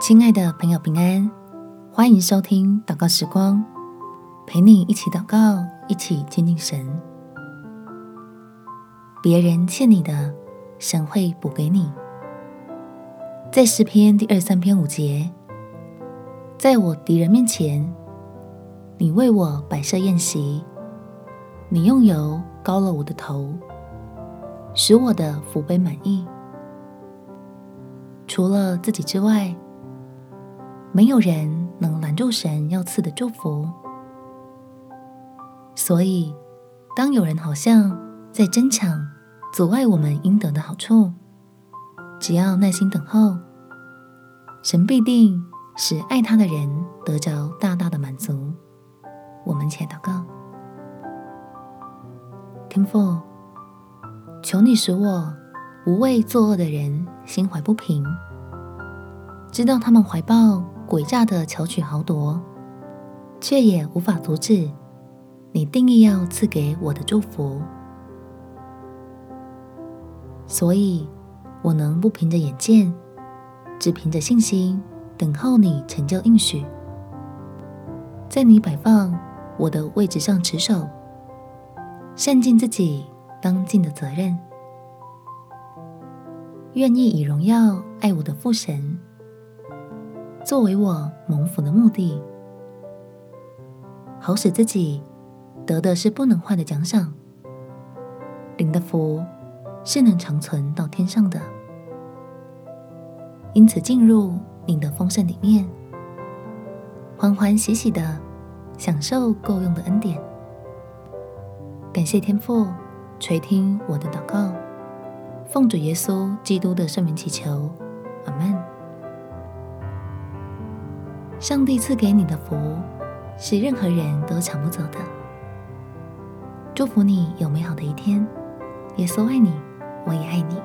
親愛的朋友，平安，歡迎收聽禱告時光，陪你一起禱告，一起親近神。別人欠你的，神會補給你。在詩篇第二十三篇五節，在我敵人面前，你為我擺設宴席，你用油膏了我的頭，使我的福杯滿溢。除了自己之外，沒有人能攔住神要賜的祝福，所以當有人好像在爭搶，阻礙我們應得的好處，只要耐心等候，神必定使愛他的人得着大大的滿足。我們且禱告：天父，求你使我不為作惡的人心懷不平，知道他們懷抱。詭詐的巧取豪奪，卻也無法阻止你定意要賜給我的祝福。所以，我能不憑着眼見，只憑着信心，等候你成就應許，在你擺放我的位置上持守，善盡自己當盡的責任，願意以榮耀愛我的父神。作為我蒙福的目的，好使自己得的是不能壞的獎賞，領的福是能長存到天上的。因此，進入您的豐盛裡面，歡歡喜喜的享受夠用的恩典。感謝天父垂聽我的禱告，奉主耶穌基督的聖名祈求，阿門。上帝賜給你的福，是任何人都搶不走的。祝福你有美好的一天，耶穌愛你，我也愛你。